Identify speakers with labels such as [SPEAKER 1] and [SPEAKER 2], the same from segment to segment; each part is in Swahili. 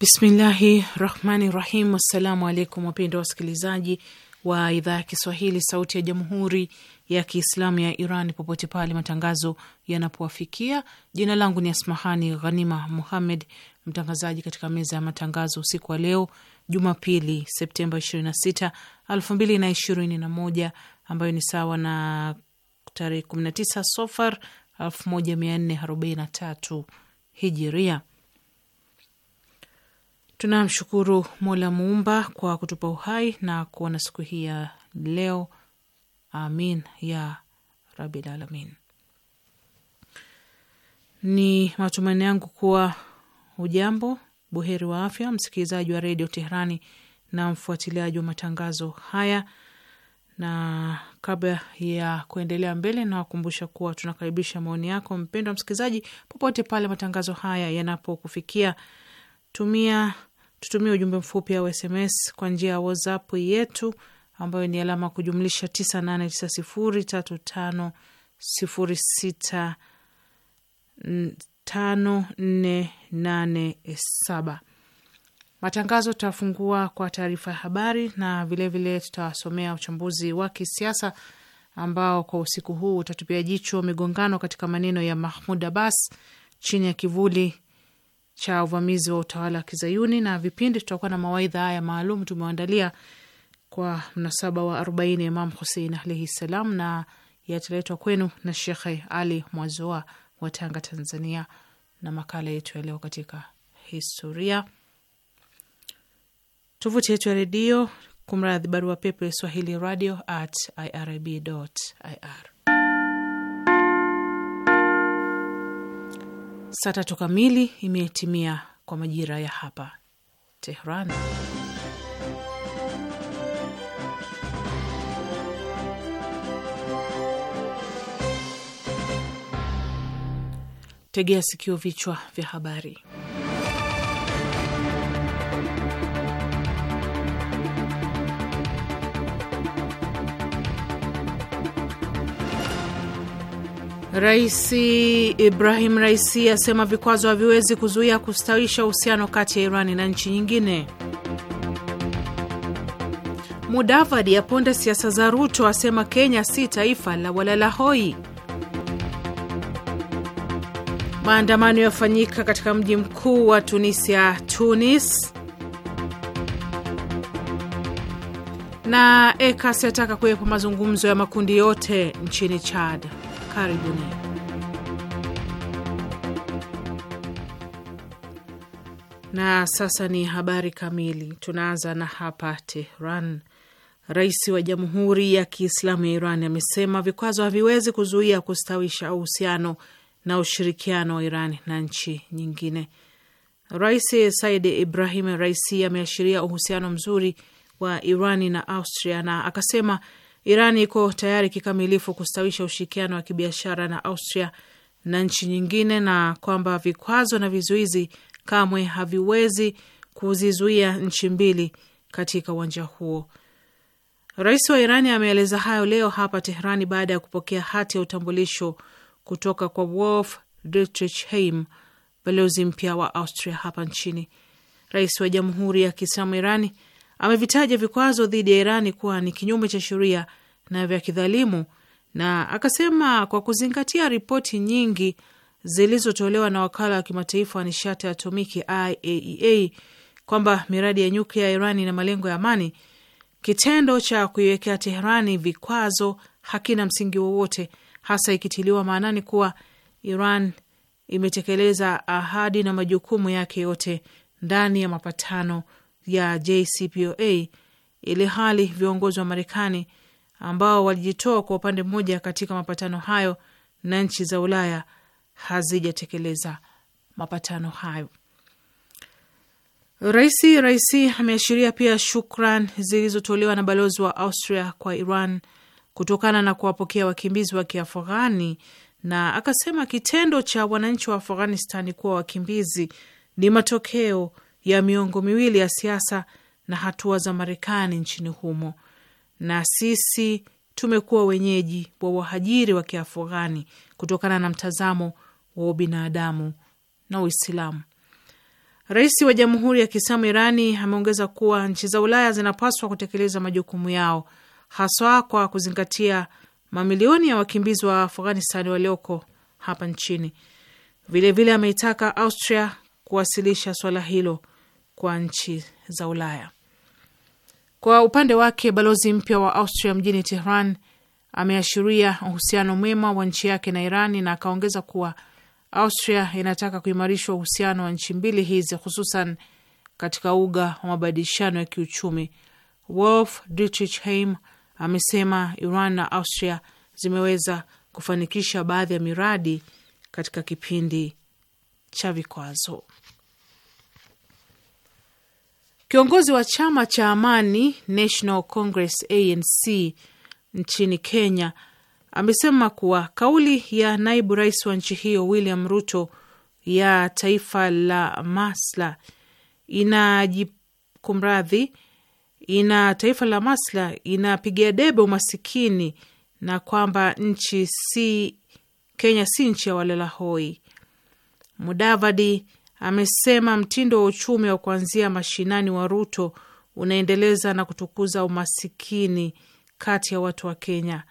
[SPEAKER 1] Bismillahi rahmani rahim. Assalamu alaikum wapendwa wasikilizaji wa idhaa ya Kiswahili sauti ya jamhuri ya Kiislamu ya Iran popote pale matangazo yanapowafikia. Jina langu ni Asmahani Ghanima Muhammed, mtangazaji katika meza ya matangazo usiku wa leo Jumapili Septemba 26, 2021 ambayo ni sawa na tarehe 19 Sofar 1443 Hijiria. Tunamshukuru Mola Muumba kwa kutupa uhai na kuona siku hii ya leo. Amin ya rabil alamin. Ni matumaini yangu kuwa ujambo buheri wa afya, msikilizaji wa redio Teherani na mfuatiliaji wa matangazo haya. Na kabla ya kuendelea mbele, nawakumbusha kuwa tunakaribisha maoni yako mpendwa msikilizaji, popote pale matangazo haya yanapokufikia. Tumia tutumie ujumbe mfupi au SMS kwa njia ya WhatsApp yetu ambayo ni alama kujumlisha 989035065487. Matangazo tutafungua kwa taarifa ya habari na vilevile tutawasomea uchambuzi wa kisiasa ambao kwa usiku huu utatupia jicho migongano katika maneno ya Mahmud Abbas chini ya kivuli cha uvamizi wa utawala wa kizayuni na vipindi. Tutakuwa na mawaidha haya maalum tumeandalia kwa mnasaba wa arobaini Imam Husein alaihi salam, na yataletwa kwenu na Shekhe Ali Mwazoa wa Tanga, Tanzania, na makala yetu ya leo katika historia. Tovuti yetu ya redio kumradhi, barua pepe swahili radio at irib ir Saa tatu kamili imetimia kwa majira ya hapa Tehran. Tegea sikio, vichwa vya habari. Rais Ibrahim Raisi asema vikwazo haviwezi kuzuia kustawisha uhusiano kati ya Irani na nchi nyingine. Mudavadi aponda siasa za Ruto, asema Kenya si taifa la walalahoi hoi. Maandamano yafanyika katika mji mkuu wa Tunisia, Tunis. Na ECAS yataka kuwepo mazungumzo ya makundi yote nchini Chad. Karibuni. Na sasa ni habari kamili. Tunaanza na hapa Tehran. Rais wa Jamhuri ya Kiislamu ya Iran amesema vikwazo haviwezi kuzuia kustawisha uhusiano na ushirikiano wa Iran na nchi nyingine. Rais Said Ibrahim Raisi ameashiria uhusiano mzuri wa Irani na Austria na akasema Iran iko tayari kikamilifu kustawisha ushirikiano wa kibiashara na Austria na nchi nyingine na kwamba vikwazo na vizuizi kamwe haviwezi kuzizuia nchi mbili katika uwanja huo. Rais wa Irani ameeleza hayo leo hapa Teherani baada ya kupokea hati ya utambulisho kutoka kwa Wolf Dietrich Heim, balozi mpya wa Austria hapa nchini. Rais wa Jamhuri ya Kiislamu Irani amevitaja vikwazo dhidi ya Irani kuwa ni kinyume cha sheria na vya kidhalimu, na akasema kwa kuzingatia ripoti nyingi zilizotolewa na wakala wa kimataifa wa nishati ya atomiki IAEA e kwamba miradi ya nyuklia ya Irani ina malengo ya amani, kitendo cha kuiwekea Teherani vikwazo hakina msingi wowote, hasa ikitiliwa maanani kuwa Iran imetekeleza ahadi na majukumu yake yote ndani ya mapatano ya JCPOA, ili hali viongozi wa Marekani ambao walijitoa kwa upande mmoja katika mapatano hayo na nchi za Ulaya hazijatekeleza mapatano hayo. Raisi Raisi ameashiria pia shukran zilizotolewa na balozi wa Austria kwa Iran kutokana na kuwapokea wakimbizi wa Kiafghani, na akasema kitendo cha wananchi wa Afghanistani kuwa wakimbizi ni matokeo ya miongo miwili ya siasa na hatua za Marekani nchini humo, na sisi tumekuwa wenyeji wa wahajiri wa Kiafghani kutokana na mtazamo wa ubinadamu na Uislamu. Rais wa Jamhuri ya Kiislamu Irani ameongeza kuwa nchi za Ulaya zinapaswa kutekeleza majukumu yao haswa kwa kuzingatia mamilioni ya wakimbizi wa Afghanistan walioko hapa nchini. Vilevile ameitaka Austria kuwasilisha swala hilo kwa nchi za Ulaya. Kwa upande wake, balozi mpya wa Austria mjini Tehran ameashiria uhusiano mwema wa nchi yake na Irani na akaongeza kuwa Austria inataka kuimarishwa uhusiano wa nchi mbili hizi, hususan katika uga wa mabadilishano ya kiuchumi. Wolf Heim amesema Iran na Austria zimeweza kufanikisha baadhi ya miradi katika kipindi cha vikwazo. Kiongozi wa chama cha Amani National Congress ANC nchini Kenya amesema kuwa kauli ya naibu rais wa nchi hiyo William Ruto ya taifa la masla inajikumradhi ina taifa la masla inapigia debe umasikini na kwamba nchi si Kenya si nchi ya walala hoi. Mudavadi amesema mtindo wa uchumi wa kuanzia mashinani wa Ruto unaendeleza na kutukuza umasikini kati ya watu wa Kenya.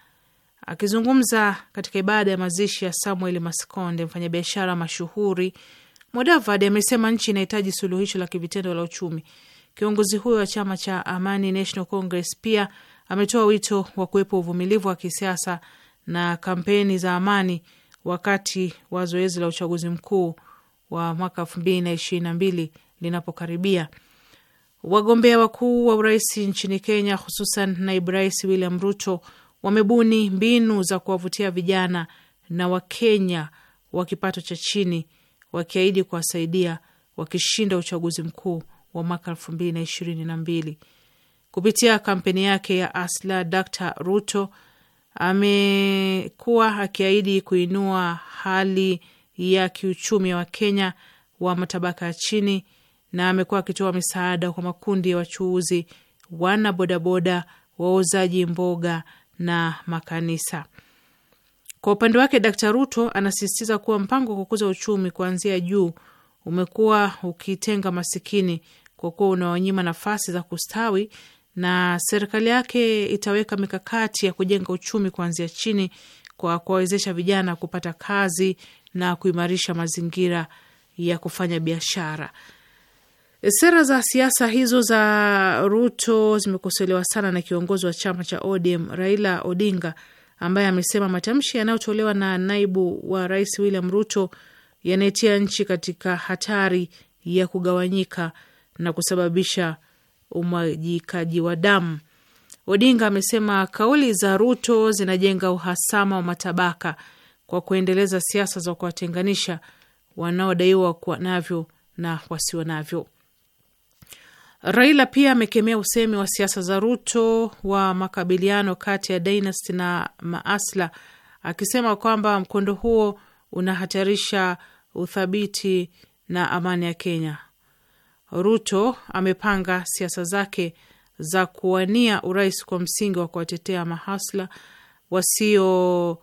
[SPEAKER 1] Akizungumza katika ibada ya mazishi ya Samuel masconde mfanyabiashara mashuhuri, Modavad amesema nchi inahitaji suluhisho la kivitendo la uchumi. Kiongozi huyo wa chama cha Amani National Congress pia ametoa wito wa kuwepo uvumilivu wa kisiasa na kampeni za amani wakati wa zoezi la uchaguzi mkuu wa mwaka elfu mbili na ishirini na mbili linapokaribia. Wagombea wakuu wa urais nchini Kenya, hususan naibu rais William Ruto, wamebuni mbinu za kuwavutia vijana na Wakenya wa kipato cha chini, wakiahidi kuwasaidia wakishinda uchaguzi mkuu wa mwaka elfu mbili na ishirini na mbili. Kupitia kampeni yake ya Asla, Dr Ruto amekuwa akiahidi kuinua hali ya kiuchumi wa Kenya wa matabaka ya chini, na amekuwa akitoa misaada kwa makundi ya wachuuzi, wana bodaboda, wauzaji mboga na makanisa. Kwa upande wake, Dkt Ruto anasisitiza kuwa mpango wa kukuza uchumi kuanzia juu umekuwa ukitenga masikini kwa kuwa unawanyima nafasi za kustawi, na serikali yake itaweka mikakati ya kujenga uchumi kuanzia chini kwa kuwawezesha vijana kupata kazi na kuimarisha mazingira ya kufanya biashara. Sera za siasa hizo za Ruto zimekosolewa sana na kiongozi wa chama cha ODM Raila Odinga, ambaye amesema matamshi yanayotolewa na naibu wa rais William Ruto yanaetia nchi katika hatari ya kugawanyika na kusababisha umwagikaji wa damu. Odinga amesema kauli za Ruto zinajenga uhasama wa matabaka kwa kuendeleza siasa za kuwatenganisha wanaodaiwa kuwa navyo na wasio navyo. Raila pia amekemea usemi wa siasa za Ruto wa makabiliano kati ya Dynasty na maasla, akisema kwamba mkondo huo unahatarisha uthabiti na amani ya Kenya. Ruto amepanga siasa zake za kuwania urais kwa msingi wa kuwatetea mahasla wasio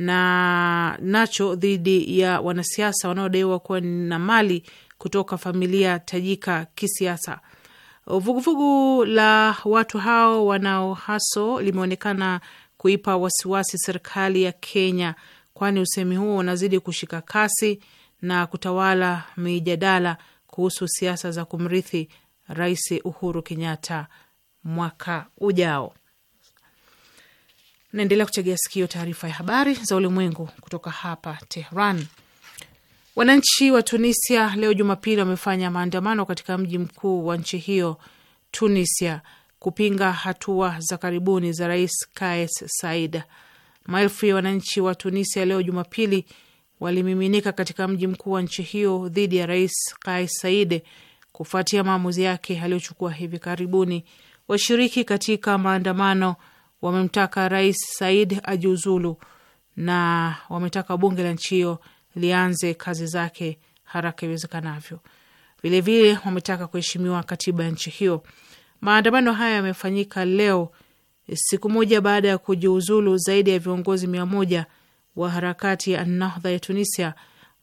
[SPEAKER 1] na nacho dhidi ya wanasiasa wanaodaiwa kuwa na mali kutoka familia tajika kisiasa. Vuguvugu la watu hao wanaohaso limeonekana kuipa wasiwasi serikali ya Kenya, kwani usemi huo unazidi kushika kasi na kutawala mijadala kuhusu siasa za kumrithi Rais Uhuru Kenyatta mwaka ujao. Naendelea kuchegea sikio taarifa ya habari za ulimwengu kutoka hapa Tehran. Wananchi wa Tunisia leo Jumapili wamefanya maandamano katika mji mkuu wa nchi hiyo Tunisia kupinga hatua za karibuni za rais Kais Saied. Maelfu ya wananchi wa Tunisia leo Jumapili walimiminika katika mji mkuu wa nchi hiyo dhidi ya rais Kais Saied kufuatia maamuzi yake aliyochukua hivi karibuni. Washiriki katika maandamano wamemtaka Rais Said ajiuzulu na wametaka bunge la nchi hiyo lianze kazi zake haraka iwezekanavyo. Vilevile wametaka kuheshimiwa katiba ya nchi hiyo. Maandamano haya yamefanyika leo siku moja baada ya kujiuzulu zaidi ya viongozi mia moja wa harakati ya Nahdha ya Tunisia,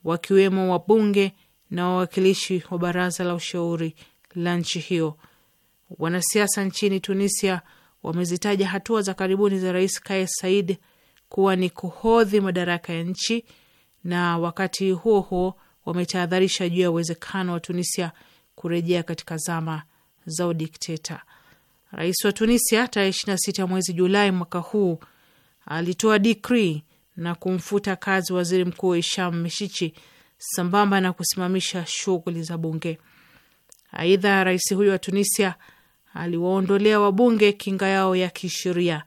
[SPEAKER 1] wakiwemo wabunge na wawakilishi wa baraza la ushauri la nchi hiyo. Wanasiasa nchini Tunisia wamezitaja hatua za karibuni za Rais Kais Said kuwa ni kuhodhi madaraka ya nchi, na wakati huo huo wametahadharisha juu ya uwezekano wa Tunisia kurejea katika zama za udikteta. Rais wa Tunisia tarehe sita mwezi Julai mwaka huu alitoa dikri na kumfuta kazi waziri mkuu Hisham Mishichi sambamba na kusimamisha shughuli za bunge. Aidha, rais huyo wa Tunisia aliwaondolea wabunge kinga yao ya kisheria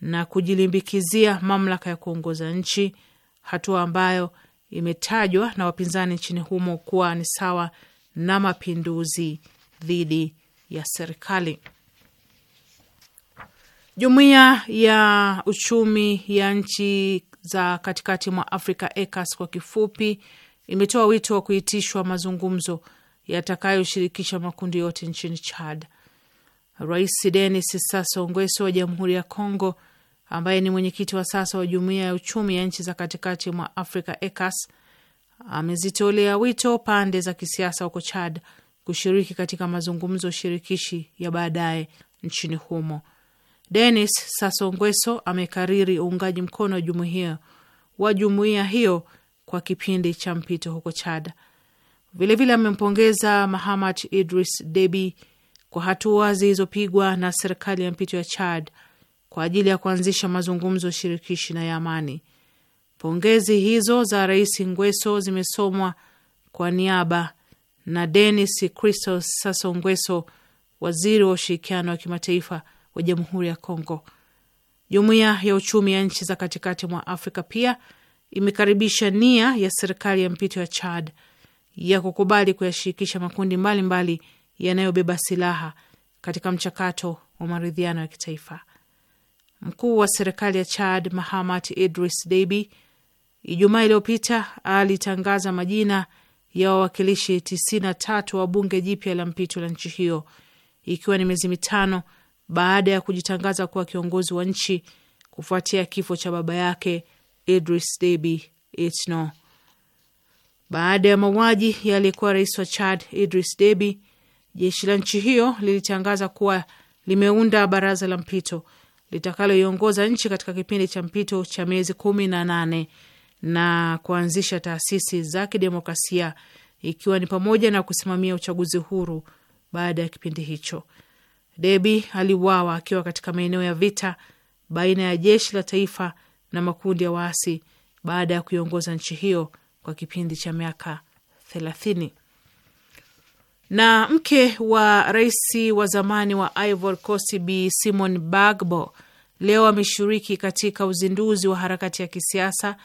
[SPEAKER 1] na kujilimbikizia mamlaka ya kuongoza nchi, hatua ambayo imetajwa na wapinzani nchini humo kuwa ni sawa na mapinduzi dhidi ya serikali. Jumuiya ya uchumi ya nchi za katikati mwa Afrika, ECAS kwa kifupi, imetoa wito wa kuitishwa mazungumzo yatakayoshirikisha makundi yote nchini Chad Rais Denis Sassou Nguesso wa Jamhuri ya Kongo, ambaye ni mwenyekiti wa sasa wa Jumuiya ya Uchumi ya Nchi za Katikati mwa Afrika ECAS, amezitolea wito pande za kisiasa huko Chad kushiriki katika mazungumzo shirikishi ya baadaye nchini humo. Denis Sassou Nguesso amekariri uungaji mkono wa jumuiya wa jumuiya hiyo kwa kipindi cha mpito huko Chad. Vilevile amempongeza Mahamat Idris Deby, kwa hatua zilizopigwa na serikali ya mpito ya Chad kwa ajili ya kuanzisha mazungumzo shirikishi na ya amani. Pongezi hizo za Rais Ngweso zimesomwa kwa niaba na Denis Christos Sassou Nguesso, waziri wa ushirikiano wa kimataifa wa Jamhuri ya congo Jumuiya ya uchumi ya nchi za katikati mwa Afrika pia imekaribisha nia ya serikali ya mpito ya Chad ya kukubali kuyashirikisha makundi mbalimbali mbali yanayobeba silaha katika mchakato wa maridhiano ya kitaifa. Mkuu wa serikali ya Chad Mahamat Idris Deby Ijumaa iliyopita alitangaza majina ya wawakilishi 93 wa bunge jipya la mpito la nchi hiyo ikiwa ni miezi mitano baada ya kujitangaza kuwa kiongozi wa nchi kufuatia kifo cha baba yake Idris Deby Itno. Baada ya mauaji ya aliyekuwa rais wa Chad Idris Deby, jeshi la nchi hiyo lilitangaza kuwa limeunda baraza la mpito litakaloiongoza nchi katika kipindi cha mpito cha miezi kumi na nane na kuanzisha taasisi za kidemokrasia ikiwa ni pamoja na kusimamia uchaguzi huru baada ya kipindi hicho. Debi aliuawa akiwa katika maeneo ya vita baina ya jeshi la taifa na makundi ya waasi baada ya kuiongoza nchi hiyo kwa kipindi cha miaka thelathini na mke wa rais wa zamani wa Ivory Coast Bi Simon Bagbo leo ameshiriki katika uzinduzi wa harakati ya kisiasa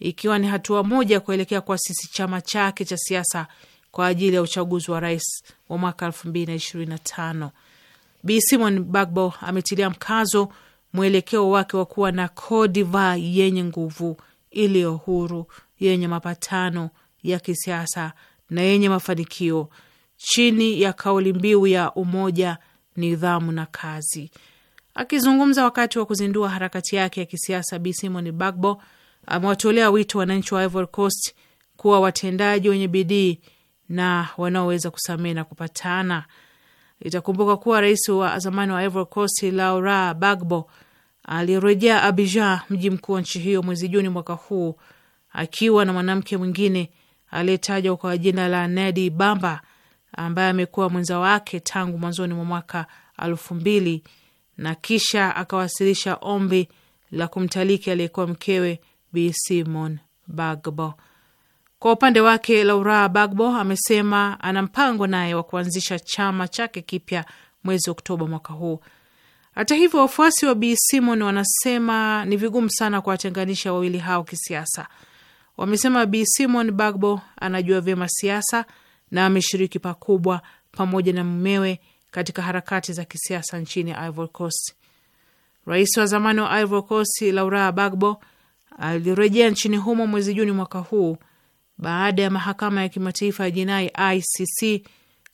[SPEAKER 1] ikiwa ni hatua moja kuelekea kuasisi chama chake cha siasa kwa ajili ya uchaguzi wa rais wa mwaka elfu mbili na ishirini na tano. Bi Simon Bagbo ametilia mkazo mwelekeo wake wa kuwa na Cote d'Ivoire yenye nguvu, iliyo huru, yenye mapatano ya kisiasa na yenye mafanikio chini ya kauli mbiu ya umoja, nidhamu na kazi. Akizungumza wakati wa kuzindua harakati yake ya kisiasa, Bi Simon Bagbo amewatolea wito wananchi wa Ivory Coast kuwa watendaji wenye bidii na wanaoweza kusamehe na kupatana. Itakumbuka kuwa rais wa zamani wa Ivory Coast Laurent alirejea Abidjan, mji mkuu wa nchi hiyo, mwezi Juni mwaka huu akiwa na mwanamke mwingine aliyetajwa kwa jina la Nedi Bamba ambaye amekuwa mwenza wake tangu mwanzoni mwa mwaka elfu mbili na kisha akawasilisha ombi la kumtaliki aliyekuwa mkewe Bi Simon Bagbo. Kwa upande wake, Laura Bagbo amesema ana mpango naye wa kuanzisha chama chake kipya mwezi Oktoba mwaka huu. Hata hivyo, wafuasi wa Bi Simon wanasema ni vigumu sana kuwatenganisha wawili hao kisiasa. Wamesema Bi Simon Bagbo anajua vyema siasa na ameshiriki pakubwa pamoja na mumewe katika harakati za kisiasa nchini Ivory Coast. Rais wa zamani wa Ivory Coast bagbo alirejea nchini humo mwezi Juni mwaka huu baada ya mahakama ya kimataifa ya jinai ICC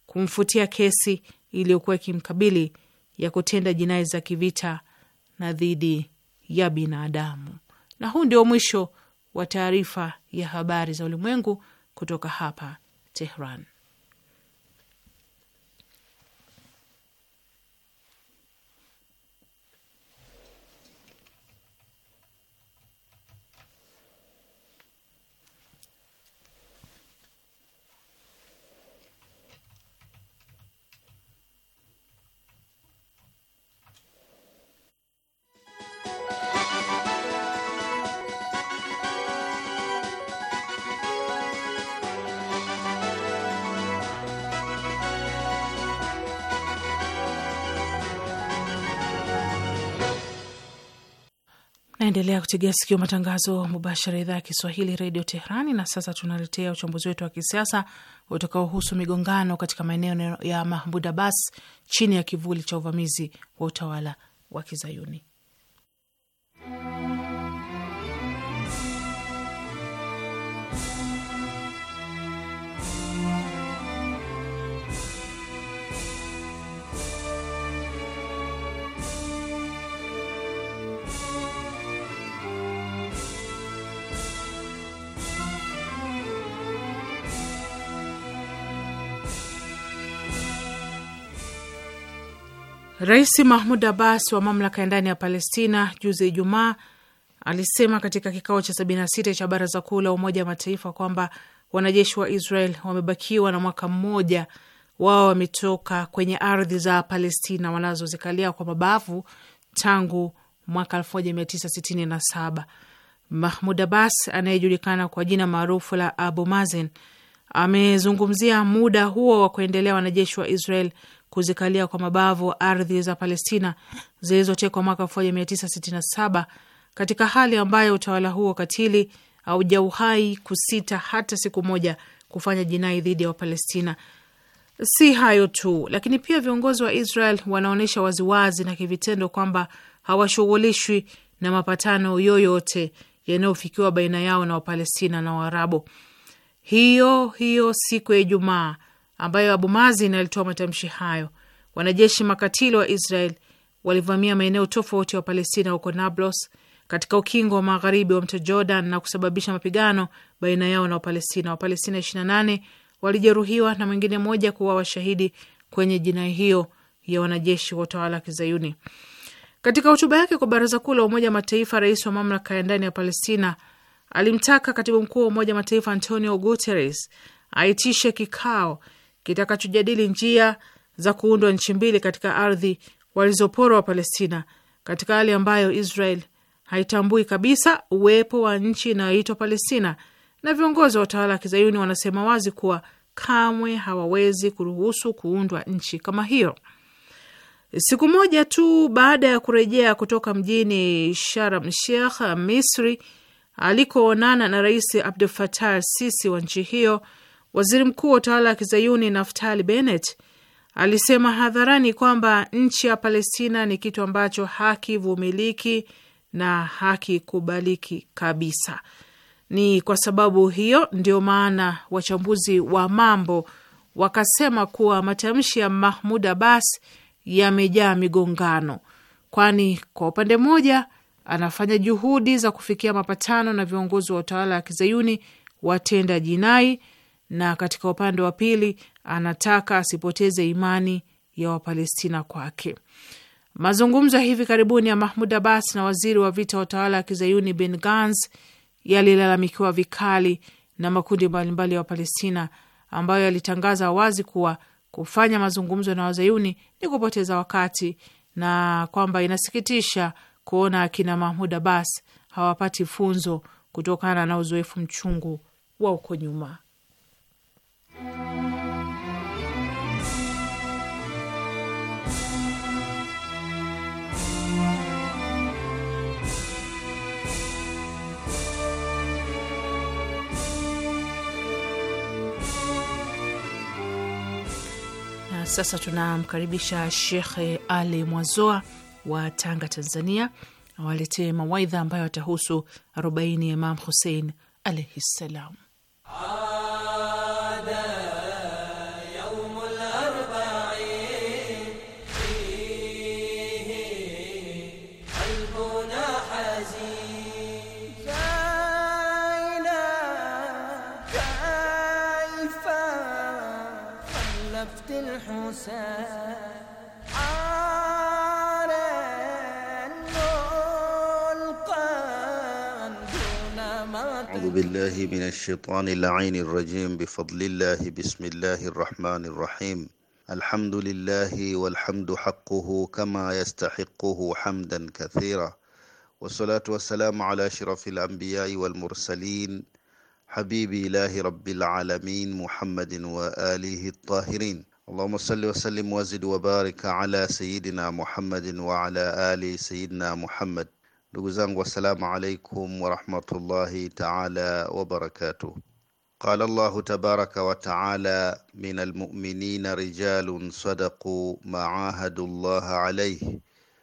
[SPEAKER 1] kumfutia kesi iliyokuwa ikimkabili ya kutenda jinai za kivita na dhidi ya binadamu. Na huu ndio mwisho wa taarifa ya habari za ulimwengu kutoka hapa Tehran. Naendelea kutegea sikio matangazo mubashara idhaa ya Kiswahili redio Teherani. Na sasa tunaletea uchambuzi wetu wa kisiasa utakaohusu migongano katika maeneo ya Mahmud Abbas chini ya kivuli cha uvamizi wa utawala wa Kizayuni. Rais Mahmud Abbas wa mamlaka ya ndani ya Palestina juzi Ijumaa alisema katika kikao cha 76 cha Baraza Kuu la Umoja wa Mataifa kwamba wanajeshi wa Israel wamebakiwa na mwaka mmoja, wao wametoka kwenye ardhi za Palestina wanazozikalia kwa mabavu tangu mwaka 1967. Mahmud Abbas anayejulikana kwa jina maarufu la Abu Mazen amezungumzia muda huo wa kuendelea wanajeshi wa Israel kuzikalia kwa mabavu ardhi za Palestina zilizotekwa mwaka 1967 katika hali ambayo utawala huo katili haujauhai kusita hata siku moja kufanya jinai dhidi ya Wapalestina. Si hayo tu, lakini pia viongozi wa Israel wanaonyesha waziwazi na kivitendo kwamba hawashughulishwi na mapatano yoyote yanayofikiwa baina yao na Wapalestina na Waarabu. Hiyo hiyo siku ya Ijumaa ambayo Abu Mazin alitoa matamshi hayo. Wanajeshi makatili wa Israel walivamia maeneo tofauti ya Palestina huko Nablus katika ukingo wa magharibi wa mto Jordan na kusababisha mapigano baina yao na Wapalestina. Wapalestina 28 walijeruhiwa na mwingine mmoja kuwa washahidi kwenye jinai hiyo ya wanajeshi wa utawala wa Kizayuni. Katika hotuba yake kwa Baraza Kuu la Umoja wa Mataifa, rais wa mamlaka ya ndani ya Palestina alimtaka katibu mkuu wa Umoja Mataifa Antonio Guterres aitishe kikao kitakachojadili njia za kuundwa nchi mbili katika ardhi walizoporwa Wapalestina, katika hali ambayo Israel haitambui kabisa uwepo wa nchi inayoitwa Palestina, na viongozi wa utawala wa kizayuni wanasema wazi kuwa kamwe hawawezi kuruhusu kuundwa nchi kama hiyo. Siku moja tu baada ya kurejea kutoka mjini Sharm el-Sheikh, Misri, alikoonana na Rais Abdul Fattah sisi wa nchi hiyo Waziri mkuu wa utawala wa kizayuni Naftali Bennett alisema hadharani kwamba nchi ya Palestina ni kitu ambacho hakivumiliki na hakikubaliki kabisa. Ni kwa sababu hiyo ndio maana wachambuzi wa mambo wakasema kuwa matamshi ya Mahmud Abbas yamejaa migongano, kwani kwa upande mmoja anafanya juhudi za kufikia mapatano na viongozi wa utawala wa kizayuni watenda jinai na katika upande wa pili anataka asipoteze imani ya Wapalestina kwake. Mazungumzo ya hivi karibuni ya Mahmud Abbas na waziri wa vita wa utawala wa kizayuni Ben Gans yalilalamikiwa vikali na makundi mbalimbali ya Wapalestina ambayo yalitangaza wazi kuwa kufanya mazungumzo na wazayuni ni kupoteza wakati na kwamba inasikitisha kuona akina Mahmud Abbas hawapati funzo kutokana na uzoefu mchungu wa uko nyuma. Sasa tunamkaribisha Shekhe Ali Mwazoa wa Tanga, Tanzania, awaletee mawaidha ambayo atahusu arobaini ya Imam Husein alaihi ssalam.
[SPEAKER 2] أعوذ
[SPEAKER 3] بالله من الشيطان اللعين الرجيم بفضل الله بسم الله الرحمن الرحيم الحمد لله والحمد حقه كما يستحقه حمدا كثيرا والصلاة والسلام على شرف الأنبياء والمرسلين حبيب إله رب العالمين محمد وآله الطاهرين اللهم صل وسلم وزد وبارك على سيدنا محمد وعلى ال سيدنا محمد دوغزان والسلام عليكم ورحمه الله تعالى وبركاته قال الله تبارك وتعالى من المؤمنين رجال صدقوا ما عاهدوا الله عليه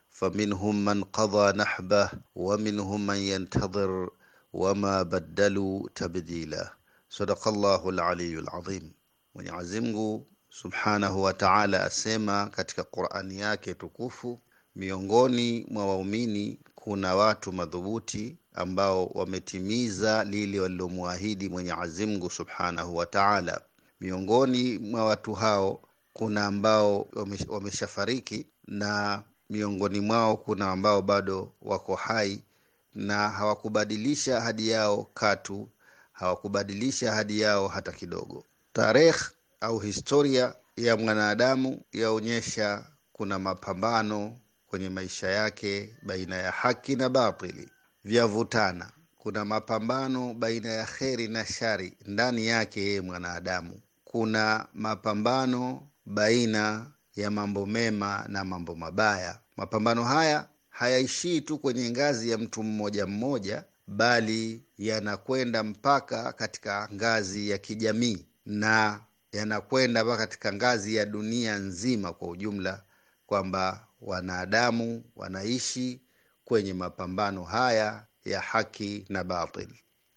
[SPEAKER 3] فمنهم من قضى نحبه ومنهم من ينتظر وما بدلوا تبديلا صدق الله العلي العظيم ونعزمه subhanahu wa ta'ala asema katika Qur'ani yake tukufu, miongoni mwa waumini kuna watu madhubuti ambao wametimiza lile walilomwahidi Mwenyezi Mungu subhanahu wa ta'ala. Miongoni mwa watu hao kuna ambao wameshafariki na miongoni mwao kuna ambao bado wako hai na hawakubadilisha ahadi yao katu, hawakubadilisha ahadi yao hata kidogo. Tarehe au historia ya mwanadamu yaonyesha kuna mapambano kwenye maisha yake baina ya haki na batili, vyavutana. Kuna mapambano baina ya kheri na shari ndani yake yeye mwanadamu. Kuna mapambano baina ya mambo mema na mambo mabaya. Mapambano haya hayaishii tu kwenye ngazi ya mtu mmoja mmoja, bali yanakwenda mpaka katika ngazi ya kijamii na yanakwenda mpaka katika ngazi ya dunia nzima kwa ujumla, kwamba wanadamu wanaishi kwenye mapambano haya ya haki na batil,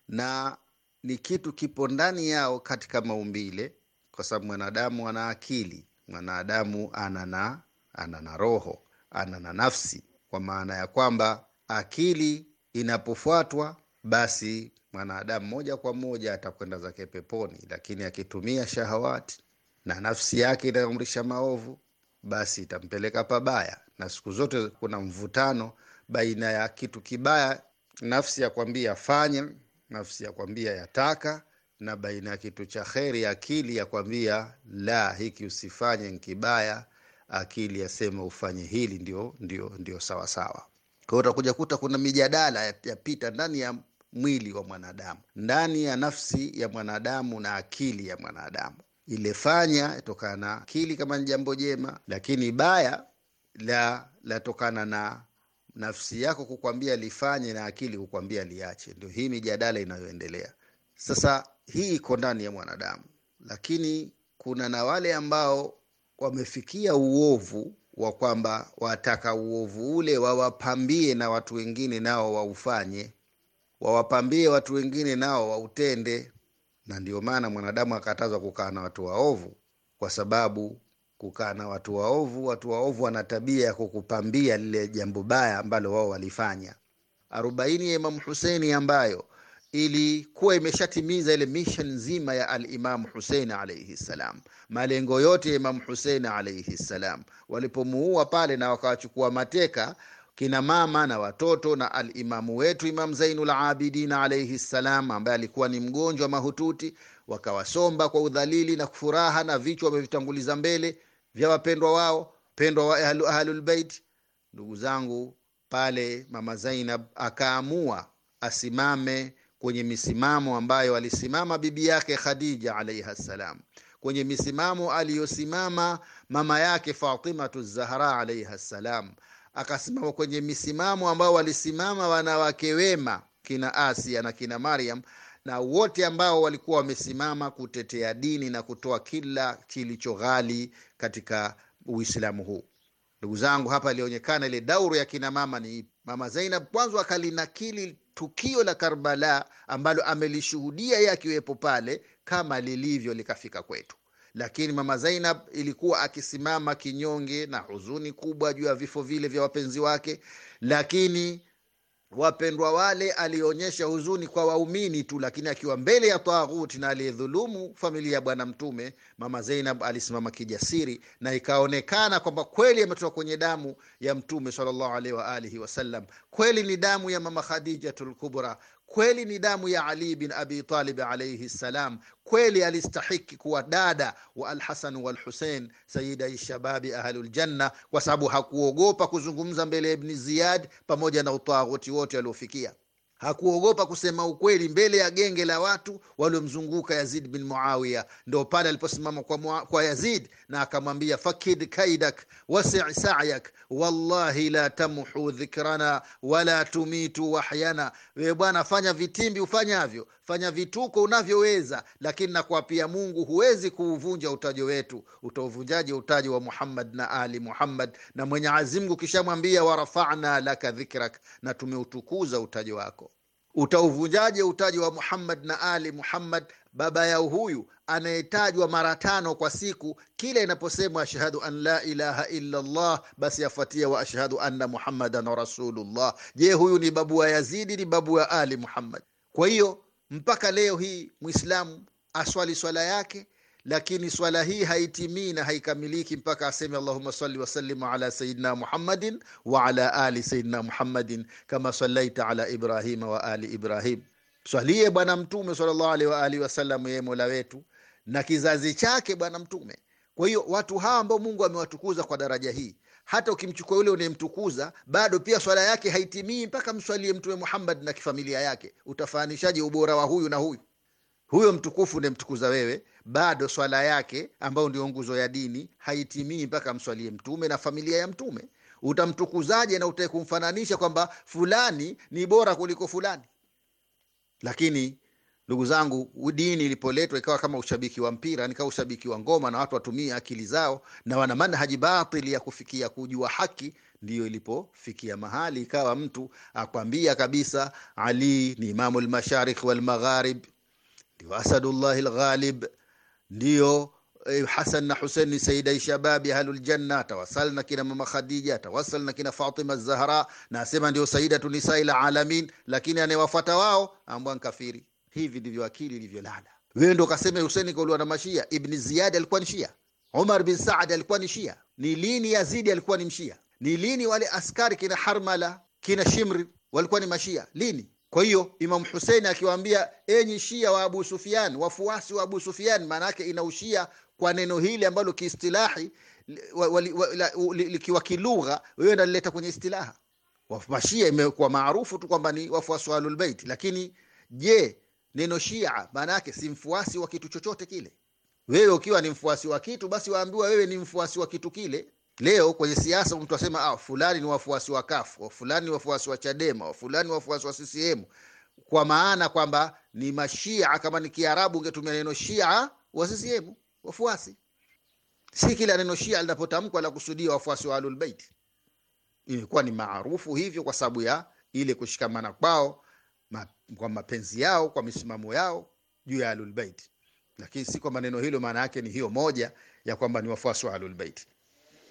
[SPEAKER 3] na ni kitu kipo ndani yao katika maumbile, kwa sababu mwanadamu ana akili, mwanadamu ana na ana na roho, ana na nafsi, kwa maana ya kwamba akili inapofuatwa basi mwanadamu moja kwa moja atakwenda zake peponi, lakini akitumia shahawati na nafsi yake inaamrisha maovu, basi itampeleka pabaya. Na siku zote kuna mvutano baina ya kitu kibaya, nafsi ya kwambia fanye, nafsi ya kwambia yataka, na baina ya kitu cha kheri, akili ya kwambia la, hiki usifanye, nkibaya akili yasema ufanye hili, ndio ndio ndio sawasawa. Kwa hiyo utakuja kuta kuna mijadala yapita ya ndani ya mwili wa mwanadamu, ndani ya nafsi ya mwanadamu na akili ya mwanadamu. ilefanya tokana na akili kama ni jambo jema, lakini baya la latokana na nafsi yako kukwambia lifanye na akili kukwambia liache. Ndio hii mijadala inayoendelea sasa. Hii iko ndani ya mwanadamu, lakini kuna na wale ambao wamefikia uovu wa kwamba wataka uovu ule wawapambie na watu wengine nao waufanye wawapambie watu wengine nao wautende. Na ndio maana mwanadamu akatazwa kukaa na watu waovu, kwa sababu kukaa na watu waovu, watu waovu wana tabia ya kukupambia lile jambo baya ambalo wao walifanya. Arobaini ya Imamu Huseini ambayo ilikuwa imeshatimiza ile mission nzima ya alimamu Husein alaihi salam, malengo yote ya Imamu Husein alaihi salam, walipomuua pale na wakawachukua mateka kina mama na watoto na alimamu wetu Imam Zainul Abidin alaihi ssalam, ambaye alikuwa ni mgonjwa mahututi, wakawasomba kwa udhalili na furaha na vichwa wamevitanguliza mbele vya wapendwa wao, pendwa wa Ahlulbeit. Ndugu zangu, pale Mama Zainab akaamua asimame kwenye misimamo ambayo alisimama bibi yake Khadija alaiha ssalam, kwenye misimamo aliyosimama mama yake Fatimatu Zahra alaiha ssalam akasimama kwenye misimamo ambao walisimama wanawake wema kina Asia na kina Mariam na wote ambao walikuwa wamesimama kutetea dini na kutoa kila kilicho ghali katika Uislamu huu. Ndugu zangu, hapa ilionekana ile dauru ya kina mama ni ipi? Mama Zainab kwanza akalinakili tukio la Karbala ambalo amelishuhudia yeye akiwepo pale, kama lilivyo likafika kwetu. Lakini mama Zainab ilikuwa akisimama kinyonge na huzuni kubwa juu ya vifo vile vya wapenzi wake, lakini wapendwa wale alionyesha huzuni kwa waumini tu, lakini akiwa mbele ya taghuti na aliyedhulumu familia ya Bwana Mtume, mama Zainab alisimama kijasiri, na ikaonekana kwamba kweli ametoka kwenye damu ya Mtume sallallahu alaihi wa alihi wasallam, kweli ni damu ya mama Khadijatul Kubra kweli ni damu ya Ali bin Abi Talib alayhi salam, kweli alistahiki kuwa dada wa Alhasan walhusein sayida shababi ahluljanna, kwa sababu hakuogopa kuzungumza mbele ya Ibni Ziyad pamoja na utaghuti wote aliofikia hakuogopa kusema ukweli mbele ya genge la watu waliomzunguka Yazid bin Muawiya. Ndo pale aliposimama kwa, kwa Yazid na akamwambia fakid kaidak wasi' sa'yak wallahi la tamhu dhikrana wala tumitu wahyana. Wewe bwana, fanya vitimbi ufanyavyo, fanya vituko unavyoweza, lakini nakuapia Mungu huwezi kuuvunja utajo wetu, utauvunjaje utajo wa Muhammad na Ali Muhammad? Na mwenye azimgu kishamwambia warafana laka dhikrak, na tumeutukuza utajo wako. Utauvunjaje utaji wa Muhammad na Ali Muhammad, baba yao huyu anayetajwa mara tano kwa siku, kila inaposemwa ashhadu an la ilaha illa Allah, basi afuatia wa ashhadu anna muhammadan rasulullah. Je, huyu ni babu wa Yazidi? Ni babu wa Ali Muhammad? Kwa hiyo mpaka leo hii Muislamu aswali swala yake lakini swala hii haitimii na haikamiliki mpaka aseme allahuma sali wasallim ala sayidina muhammadin wa ala ali sayidina muhammadin kama sallaita ala ibrahima wa ali ibrahim swalie bwana mtume salllahu alehi waalihi wasallam yeye mola wetu na kizazi chake bwana mtume kwa hiyo watu hawa ambao mungu amewatukuza kwa daraja hii hata ukimchukua yule unayemtukuza bado pia swala yake haitimii mpaka mswalie mtume muhammad na kifamilia yake utafaanishaje ubora wa huyu na huyu huyo mtukufu unayemtukuza wewe, bado swala yake ambayo ndio nguzo ya dini haitimii mpaka mswalie mtume na familia ya mtume. Utamtukuzaje na utae kumfananisha kwamba fulani ni bora kuliko fulani? Lakini ndugu zangu, dini ilipoletwa ikawa kama ushabiki wa mpira, nikawa ushabiki wa ngoma, na watu watumia akili zao na wana manhaji batili ya kufikia kujua haki, ndiyo ilipofikia mahali ikawa mtu akwambia kabisa, Ali ni imamu lmashariki walmagharib asadullahi lghalib ndio eh, Hasan na Hussein ni saida shababi ahlul janna tawasal na kina mama Khadija tawasal na kina Fatima Zahra na asema ndio saida tunisai la alamin lakini anayewafuata wao ambwa kafiri hivi ndivyo akili ilivyolala wewe ndio kasema Hussein kauliwa na mashia ibn Ziyad alikuwa ni shia Umar bin Saad alikuwa ni shia ni lini Yazidi alikuwa ni mshia ni lini wale askari kina Harmala kina Shimri walikuwa ni mashia lini kwa hiyo Imam Hussein akiwaambia enyi Shia wa Abu Sufyan, wafuasi wa Abu Sufyan, maana yake inaushia kwa neno hili ambalo kiistilahi likiwa kilugha wewe ndalileta kwenye istilaha. Mashia imekuwa maarufu tu kwamba ni wafuasi wa Ahlul lakini je, neno Shia maana yake si mfuasi wa kitu chochote kile. Wewe ukiwa ni mfuasi wa kitu, basi waambiwa wewe ni mfuasi wa kitu kile Leo kwenye siasa mtu asema ah, fulani ni wafuasi wa kafu, fulani ni wafuasi wa Chadema, fulani ni wafuasi wa CCM, kwa maana kwamba ni mashia. Kama ni Kiarabu ungetumia neno shia ah, wa CCM, wafuasi. Si kila neno shia linapotamkwa la kusudia wafuasi wa alulbeit Ilikuwa ni maarufu hivyo kwa sababu ya ile kushikamana kwao ma, kwa mapenzi yao, kwa misimamo yao juu ya alulbeit lakini si kwamba neno hilo maana yake ni hiyo moja ya kwamba ni wafuasi wa alulbeiti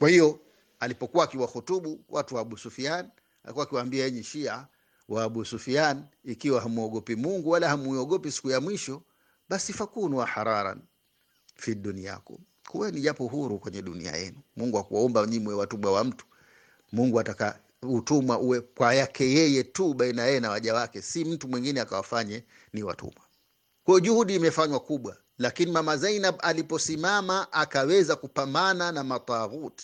[SPEAKER 3] kwa hiyo alipokuwa akiwahutubu watu wa Abu Sufyan, alikuwa akiwaambia enyi Shia wa Abu Sufyan, ikiwa hamuogopi Mungu wala hamuogopi siku ya mwisho, basi fakunu hararan fi dunyakum, kuweni japo huru kwenye dunia yenu. Mungu akuwaomba nyimwe watubwa wa mtu. Mungu ataka utumwa uwe kwa yake yeye tu, baina yeye na waja wake, si mtu mwingine akawafanye ni watumwa. Kwa juhudi imefanywa kubwa, lakini mama Zainab aliposimama akaweza kupambana na mataghuti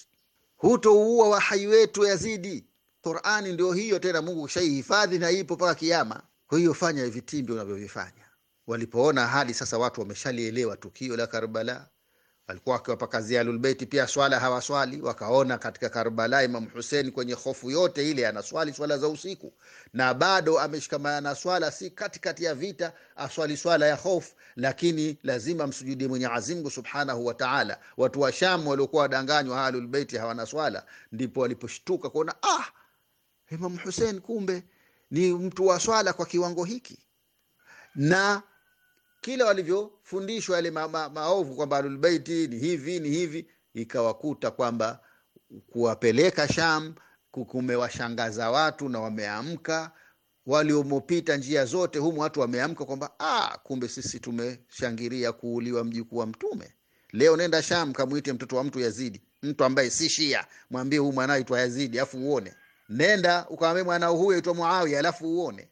[SPEAKER 3] hutouua wahai wetu Yazidi. Qurani ndio hiyo tena, Mungu kishaihifadhi na ipo mpaka Kiama. Kwa hiyo fanya vitimbi unavyovifanya. Walipoona hali sasa, watu wameshalielewa tukio la Karbala, alikuwa ya Ahlulbeiti pia swala hawaswali. Wakaona katika Karbala Imam Hussein kwenye hofu yote ile anaswali swala za usiku na bado ameshikamana na swala, si katikati ya vita aswali swala ya hofu, lakini lazima msujudi mwenye azimgu subhanahu wataala Watu wa Shamu waliokuwa wadanganywa ah, Ahlulbeiti hawana swala, ndipo waliposhtuka kuona ah, Imam Hussein kumbe ni mtu wa swala kwa kiwango hiki na kila walivyofundishwa yale ma, ma, maovu kwamba alulbeiti ni hivi ni hivi, ikawakuta kwamba kuwapeleka Sham kumewashangaza watu na wameamka waliomopita njia zote humu, watu wameamka kwamba ah, kumbe sisi tumeshangilia kuuliwa mjukuu wa Mtume. Leo nenda Sham, kamwite mtoto wa mtu Yazidi, mtu ambaye si Shia, mwambie huyu mwanao itwa Yazidi alafu uone. Nenda ukamwambie mwanao huyo itwa Muawiya alafu uone.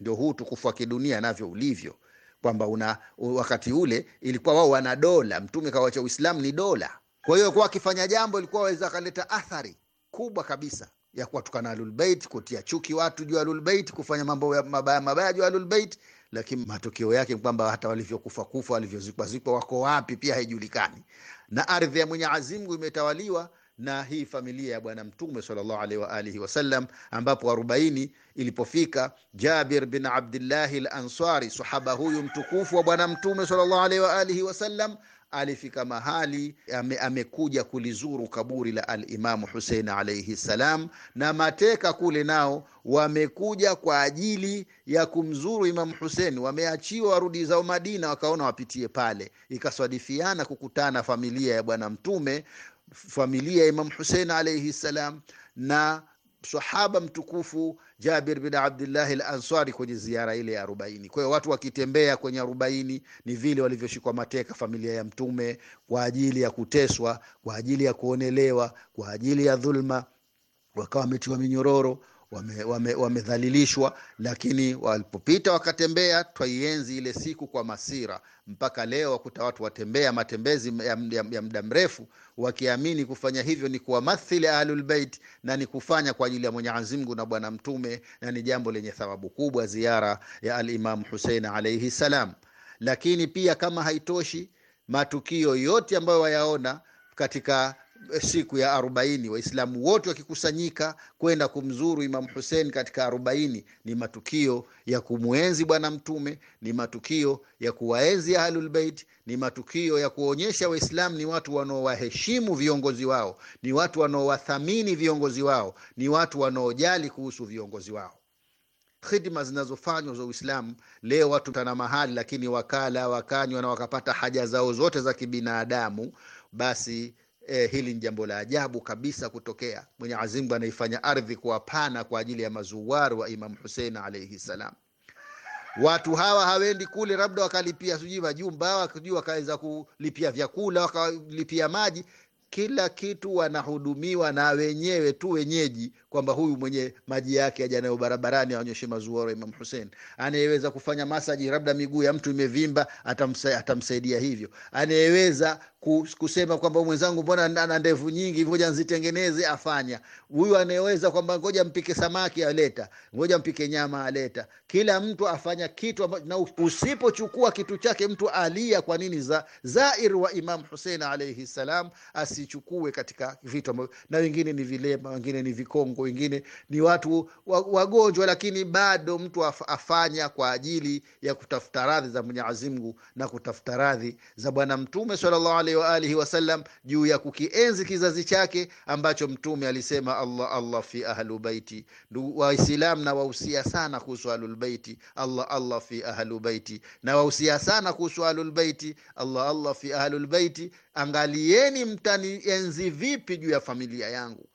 [SPEAKER 3] Ndio huu tukufu wa kidunia navyo ulivyo kwamba una wakati ule ilikuwa wao wana dola, mtume kawacha Uislamu ni dola. Kwa hiyo kwa akifanya jambo ilikuwa waweza kaleta athari kubwa kabisa ya kuwatukana Ahlulbeit, kutia chuki watu juu ya Ahlulbeit, kufanya mambo mabaya mabaya juu ya Ahlulbeit, lakini matokeo yake kwamba hata walivyokufa kufa, walivyozikwazikwa wako wapi pia haijulikani, na ardhi ya Mwenyezi Mungu imetawaliwa na hii familia ya Bwana Mtume sallallahu alaihi wasallam, ambapo arobaini ilipofika Jabir bin Abdillahi lansari ansari sahaba huyu mtukufu wa Bwana Mtume sallallahu alaihi wasallam alifika mahali ame, amekuja kulizuru kaburi la alimamu Husein alaihi salam, na mateka kule nao wamekuja kwa ajili ya kumzuru Imamu Husein. Wameachiwa warudi zao Madina, wakaona wapitie pale, ikaswadifiana kukutana familia ya Bwana Mtume familia ya Imam Hussein alayhi salam na sahaba mtukufu Jabir bin Abdullah al-Ansari kwenye ziara ile ya arobaini. Kwa hiyo watu wakitembea kwenye arobaini ni vile walivyoshikwa mateka familia ya Mtume kwa ajili ya kuteswa, kwa ajili ya kuonelewa, kwa ajili ya dhulma, wakawa wametiwa minyororo wamedhalilishwa, wame, wame lakini walipopita wakatembea, twaienzi ile siku kwa masira. Mpaka leo wakuta watu watembea matembezi ya, ya, ya muda mrefu wakiamini kufanya hivyo ni kuwamathili Ahlulbeit na ni kufanya kwa ajili ya Mwenyezi Mungu na Bwana Mtume, na ni jambo lenye thawabu kubwa ziara ya Alimamu Husein alaihi salam. Lakini pia kama haitoshi, matukio yote ambayo wayaona katika siku ya arobaini, Waislamu wote wakikusanyika kwenda kumzuru Imamu husen katika arobaini, ni matukio ya kumwenzi Bwana Mtume, ni matukio ya kuwaenzi Ahlulbeit, ni matukio ya kuonyesha Waislamu ni watu wanaowaheshimu viongozi wao, ni watu wanaowathamini viongozi wao, ni watu wanaojali kuhusu viongozi wao. Khidma zinazofanywa za Uislamu leo watu tana mahali, lakini wakala wakanywa na wakapata haja zao zote za kibinadamu, basi Eh, hili ni jambo la ajabu kabisa kutokea. Mwenyezi Mungu anaifanya ardhi kuwa pana kwa ajili ya mazuwaru wa Imam husein alaihi salam. Watu hawa hawendi kule labda wakalipia sijui majumba, sijui wakaweza kulipia vyakula, wakalipia maji, kila kitu wanahudumiwa na wenyewe tu wenyeji kwamba huyu mwenye maji yake aje nayo barabarani aonyeshe mazuoro Imam Hussein. Anayeweza kufanya masaji, labda miguu ya mtu imevimba, atamsa, atamsaidia hivyo. Anayeweza kusema kwamba mwenzangu, mbona ana ndevu nyingi, ngoja nzitengeneze, afanya huyu. Anayeweza kwamba ngoja mpike samaki, aleta, ngoja mpike nyama, aleta. Kila mtu afanya kitu, na usipochukua kitu chake mtu alia. Kwa nini za zair wa Imam Hussein alayhi salam asichukue katika vitu ambavyo, na wengine ni vilema, wengine ni vikongo wengine ni watu wagonjwa, lakini bado mtu afanya kwa ajili ya kutafuta radhi za Mwenyezi Mungu na kutafuta radhi za Bwana Mtume sallallahu alaihi wa alihi wasallam juu ya kukienzi kizazi chake ambacho Mtume alisema Allah Allah fi ahlubeiti. Waislam na wahusia sana kuhusu ahlulbeiti, Allah Allah fi ahlubeiti, na wahusia sana kuhusu ahlulbeiti, Allah Allah fi ahlulbeiti. Angalieni mtanienzi vipi juu ya familia yangu.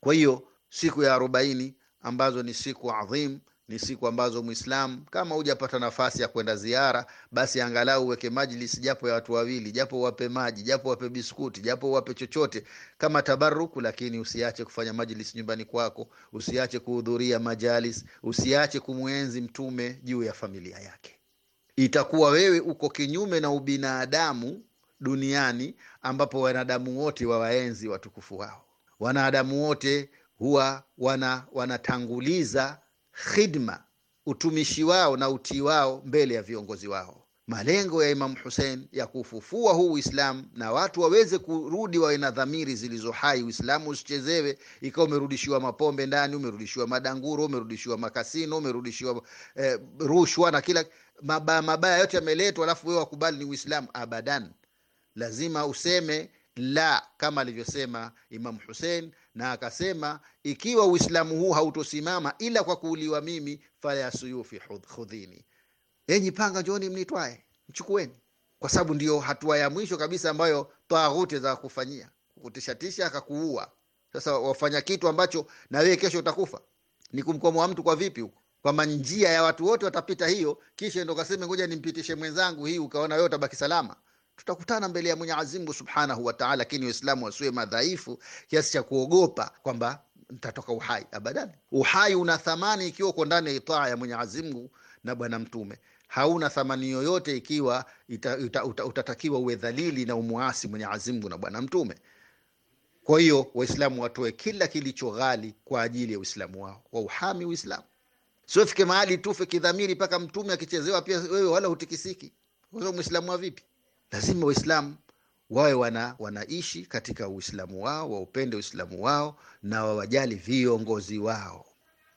[SPEAKER 3] Kwa hiyo siku ya arobaini ambazo ni siku adhim, ni siku ambazo Muislam kama hujapata nafasi ya kwenda ziara, basi angalau uweke majlis japo ya watu wawili, japo wape maji, japo wape biskuti, japo wape chochote kama tabaruku, lakini usiache kufanya majlis nyumbani kwako, usiache kuhudhuria majalis, usiache kumwenzi Mtume juu ya familia yake. Itakuwa wewe uko kinyume na ubinadamu duniani ambapo wanadamu wote wawaenzi watukufu wao, wanadamu wote huwa wana, wanatanguliza khidma utumishi wao na utii wao mbele ya viongozi wao. Malengo ya Imamu Hussein ya kufufua huu Uislamu na watu waweze kurudi, wawe na dhamiri zilizo hai. Uislamu usichezewe, ikawa umerudishiwa mapombe ndani, umerudishiwa madanguro, umerudishiwa makasino, umerudishiwa eh, rushwa na kila mabaya mabaya yote yameletwa, alafu wewe wakubali ni Uislamu. Abadan, lazima useme la kama alivyosema Imamu Hussein, na akasema ikiwa Uislamu huu hautosimama ila kwa kuuliwa mimi, fala suyufi khudhini, enyi panga njoni mnitwae, mchukueni, kwa sababu ndio hatua ya mwisho kabisa ambayo taghuti za kufanyia kutishatisha, akakuua. Sasa wafanya kitu ambacho na wewe kesho utakufa, ni kumkomoa mtu kwa vipi huko kwamba njia ya watu wote watapita hiyo, kisha ndo kaseme ngoja nimpitishe mwenzangu hii, ukaona wewe utabaki salama tutakutana mbele ya Mwenyezi Mungu Subhanahu wa Ta'ala, lakini Waislamu wasiwe madhaifu kiasi cha kuogopa kwamba nitatoka uhai. Abadan, uhai una thamani ikiwa uko ndani ya itaa ya Mwenyezi Mungu na Bwana Mtume hauna thamani yoyote ikiwa ita, ita, uta, utatakiwa uwe dhalili na umuasi Mwenyezi Mungu na Bwana Mtume. Kwa hiyo Waislamu watoe kila kilicho ghali kwa ajili ya Uislamu wao, wa uhami Uislamu, sio fike mahali tufe kidhamiri mpaka mtume akichezewa pia wewe wala hutikisiki. Muislamu wa vipi? lazima Waislamu wawe wana, wanaishi katika Uislamu wao, waupende Uislamu wao na wawajali viongozi wao.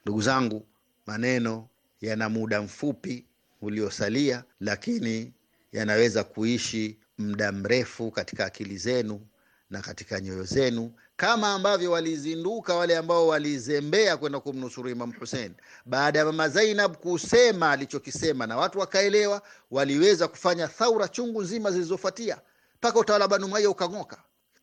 [SPEAKER 3] Ndugu zangu, maneno yana muda mfupi uliosalia, lakini yanaweza kuishi muda mrefu katika akili zenu na katika nyoyo zenu kama ambavyo walizinduka wale ambao walizembea kwenda kumnusuru Imam Hussein baada ya mama Zainab kusema alichokisema na watu wakaelewa, waliweza kufanya thaura chungu nzima zilizofuatia mpaka utawala Banu Umayya ukang'oka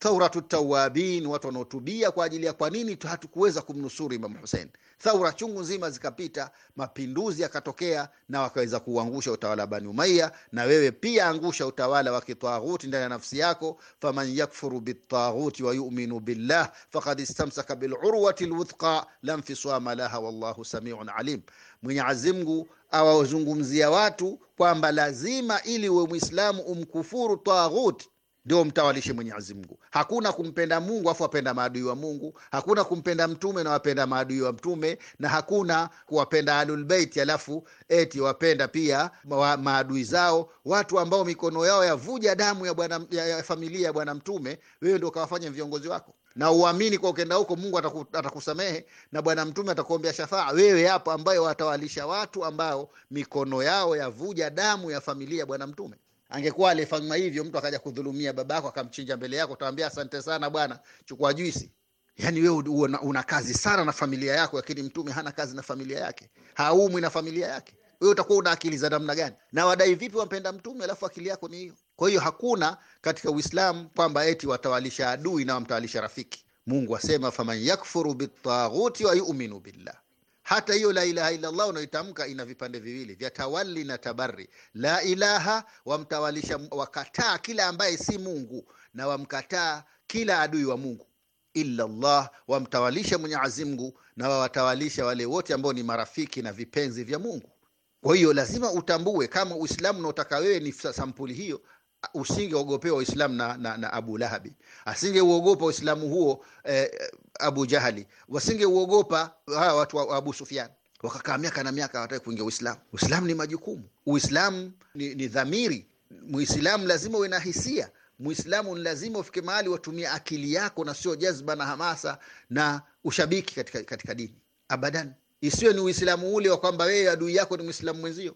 [SPEAKER 3] thauratu tawabin, watu wanaotubia kwa ajili ya kwa nini hatukuweza kumnusuru imam Husein. Thaura chungu nzima zikapita, mapinduzi yakatokea na wakaweza kuuangusha utawala wa Bani Umayya. Na wewe pia angusha utawala wa kitaghuti ndani ya nafsi yako. faman yakfuru bitaghuti wa yu'minu billah fakad istamsaka bilurwati lwuthqa la nfisama laha wallahu samiun alim. Mwenyezi Mungu awazungumzia watu kwamba lazima ili uwe Mwislamu umkufuru taghuti ndio mtawalishe Mwenyezi Mungu. Hakuna kumpenda Mungu afu wapenda maadui wa Mungu, hakuna kumpenda mtume na wapenda maadui wa mtume, na hakuna kuwapenda Ahlulbeiti alafu eti wapenda pia maadui zao, watu ambao mikono yao yavuja damu ya bwana ya, ya familia ya bwana mtume, wewe ndio ukawafanya viongozi wako na uamini kwa ukenda huko Mungu ataku, atakusamehe na bwana mtume atakuombea shafaa wewe hapo, ambayo watawalisha watu ambao mikono yao yavuja damu ya familia ya bwana mtume. Angekuwa alifanywa hivyo, mtu akaja kudhulumia baba yako akamchinja mbele yako, utaambia asante sana bwana, chukua juisi. Yani wewe una, una kazi sana na familia yako, lakini Mtume hana kazi na familia yake, haumwi na familia yake. Wewe utakuwa una akili za namna gani? Na wadai vipi wampenda Mtume alafu akili yako ni hiyo? Kwa hiyo hakuna katika Uislamu kwamba eti watawalisha adui na wamtawalisha rafiki. Mungu asema faman yakfuru bitaghuti wayuminu billah hata hiyo la ilaha illallah unaoitamka ina vipande viwili vya tawalli na tabari. La ilaha wamtawalisha, wakataa kila ambaye si Mungu na wamkataa kila adui wa Mungu. Illallah wamtawalisha Mwenyezi Mungu na wawatawalisha wale wote ambao ni marafiki na vipenzi vya Mungu. Kwa hiyo lazima utambue kama Uislamu unaotaka wewe ni sampuli hiyo, usingeuogopewa Uislamu na, na, na Abu Lahabi, asingeuogopa Uislamu huo eh, Abu Jahali, wasingeuogopa hawa watu wa Abu sufian Wakakaa miaka na miaka hawataki kuingia Uislamu. Uislamu ni majukumu, Uislamu ni, ni dhamiri. Muislamu lazima uwe na hisia. Muislamu ni lazima ufike mahali watumia akili yako na sio jazba na hamasa na ushabiki katika, katika dini abadan. Isiwe ni Uislamu ule wa kwamba wewe adui yako ni Mwislamu mwenzio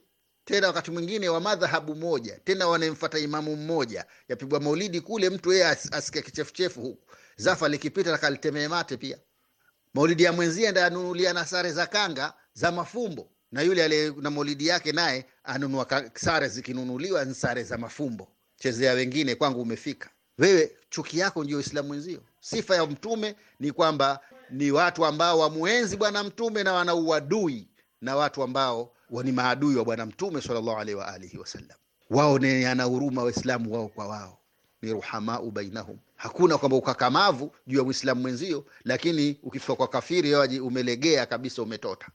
[SPEAKER 3] tena wakati mwingine wa madhahabu moja, tena wanayemfata imamu mmoja. Yapigwa maulidi kule, mtu yeye as, asikia kichefuchefu huku, zafa likipita akalitemee mate pia. Maulidi ya mwenzie ndiye anunulia na sare za kanga za mafumbo, na yule aliye na maulidi yake naye anunua sare, zikinunuliwa ni sare za mafumbo. Chezea wengine, kwangu umefika wewe. Chuki yako ndio islamu wenzio Sifa ya mtume ni kwamba ni watu ambao wamuenzi Bwana Mtume na wanauadui na watu ambao wa ni maadui wa Bwana Mtume sallallahu alaihi wa alihi wasallam. Wao ni yana huruma Waislamu wao kwa wao, ni ruhamau bainahum. Hakuna kwamba ukakamavu juu ya Muislamu mwenzio, lakini ukifika kwa kafiri waje umelegea kabisa, umetota.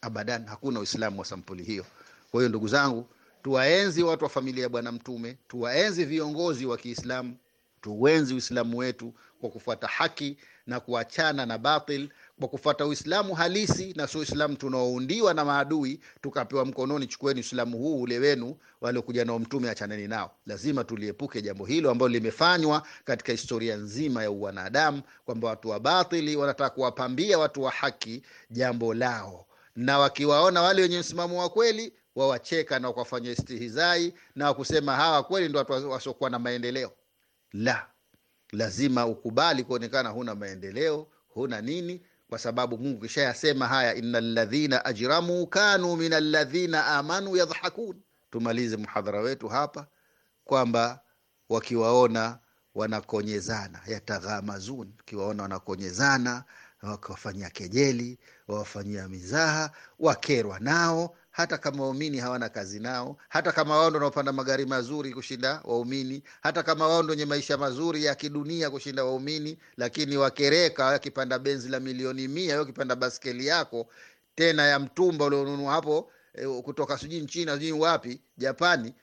[SPEAKER 3] Abadan, hakuna Uislamu wa sampuli hiyo. Kwa hiyo ndugu zangu, tuwaenzi watu wa familia ya Bwana Mtume, tuwaenzi viongozi wa Kiislamu, tuwenzi Uislamu wetu kwa kufuata haki na kuachana na batil kwa kufuata Uislamu halisi na sio Uislamu tunaoundiwa na maadui tukapewa mkononi, chukueni Uislamu huu ule wenu waliokuja nao mtume, achaneni nao. Lazima tuliepuke jambo hilo ambalo limefanywa katika historia nzima ya uwanadamu, kwamba watu wa batili wanataka kuwapambia watu wa haki jambo lao, na wakiwaona wale wenye msimamo wa kweli wawacheka na wakafanya istihizai na kusema hawa kweli ndo watu wasiokuwa na maendeleo. La, lazima ukubali kuonekana huna maendeleo, huna nini kwa sababu Mungu kishayasema haya, ina ladhina ajramu kanu min aladhina amanu yadhakun Tumalize mhadhara wetu hapa kwamba wakiwaona wanakonyezana, yataghamazun, wakiwaona wanakonyezana, wakiwafanyia kejeli, wawafanyia mizaha, wakerwa nao hata kama waumini hawana kazi nao, hata kama wao ndo wanaopanda magari mazuri kushinda waumini, hata kama wao ndo wenye maisha mazuri ya kidunia kushinda waumini, lakini wakereka wakipanda benzi la milioni mia, wao wakipanda baskeli yako tena ya mtumba ulionunua hapo e, kutoka sijui nchina sijui wapi Japani,